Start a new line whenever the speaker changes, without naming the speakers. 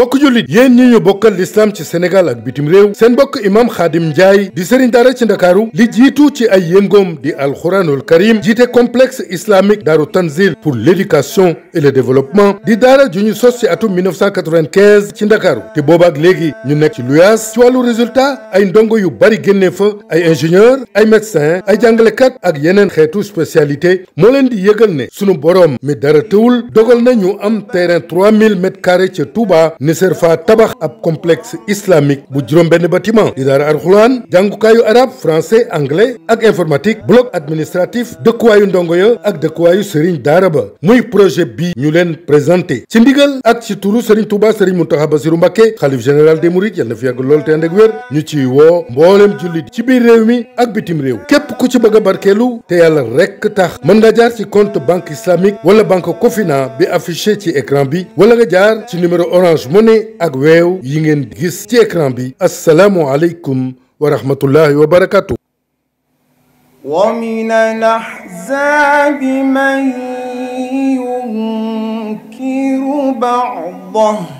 mbokk jullit yéen ñi ñu bokkal l'islam ci Sénégal ak bitim réew seen mbokk imam Khadim Ndiaye di sëriñ daara ci ndakaaru li jiitu ci ay yëngoom di alxuraanul karim jiite complexe islamique daaru tanzil pour l'éducation et le développement di daara ju ñu sos ci atum 1995 ci ndakaaru te ak léegi ñu nekk ci luyaas ci wàllu résultat ay ndongo yu bari génnee fa ay ingénieur ay médecin ay jàngale jàngalekat ak yeneen xeetu spécialité moo leen di yëgal ne sunu boroom mi dara tëwul dogal na am terrain 3000 mètres carrés ca Touba Niser fa tabax ab complexe islamique bu juróom-benn bâtiment di daara alxuraan jàngukaayu arabe français anglais ak informatique bloc administratif dëkkuwaayu ndongo ya ak dëkkuwaayu sëriñ daara ba muy projet bii ñu leen présenté ci ndigal ak ci turu sëriñ Touba sëriñ Mountakha Bassirou Mbacké xalif général des mourides yal na fi yàgg lool te ànd ak wér ñu ciy woo mboolem jullit ci biir réew mi ak bitim réew képp ku ci bëgg a barkeelu te yàlla rekk tax mën nga jaar ci compte banque islamique wala banque Cofina ci écran mu ne ak weew yi ngeen gis ci écran bi asalaamualeykum wa rahmatullahi wa barakatu
wa min al ahzaabi man yunkiru ba'dahu